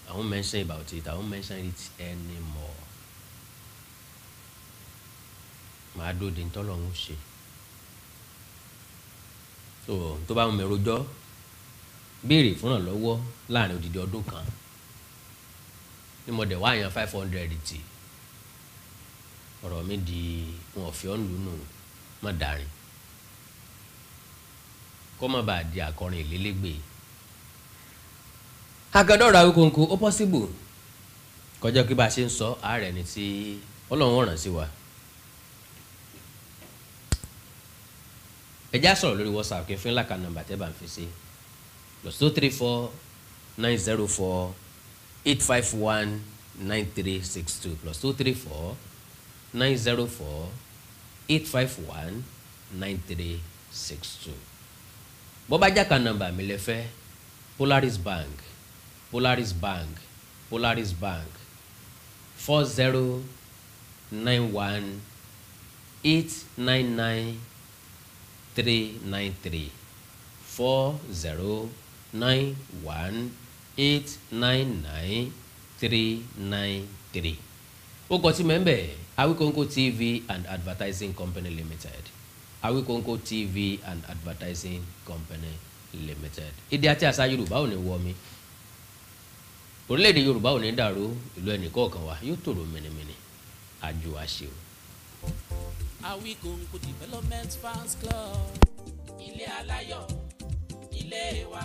I won't mention about it I won't mention it anymore màá dòde ntọ́lọ́hún ṣe so tó bá ń mẹ́rọ jọ́ béèrè fúnra lọ́wọ́ láàrin odidi ọdún kan tí mo dẹ̀ wá yàn five hundred tì ọ̀rọ̀ mi di wọn ò fi ọ́ ń lù nù mọ̀ dárin kọ́ mọ̀ bá di àkọrin ìlélégbè akadọ́ra wíkóńkó ó possible kọjá kí bá a ṣe ń sọ ààrẹ ni tí ọlọ́run ọ̀ràn sí wa. ẹ sọ̀rọ̀ lórí whatsapp kí n fún yín láka tẹ́ bá ń fi sí plus two three four nine zero four eight five one nine three six two plus two three four nine zero four eight five one nine three six two. bó bá jàkà nàmbà mi lè fẹ́ Polaris Bank Polaris Bank Polaris Bank four zero nine one eight nine nine three nine three four zero nine one eight nine nine three nine three ó kọ tí mẹ́ńbẹ̀ Awikonko TV and Advertising Company Limited Awikonko TV and Advertising Company Limited èdè àti àṣà Yorùbá ò ní wọ mi orílẹ̀-èdè Yorùbá ò ní dàrú ìlú ẹnìkọ̀ọ̀kan wa yóò tòrò mìnìmìnì àjò àṣẹ o. Awikonko Development Fans Club ilé aláyọ̀ ilé wa.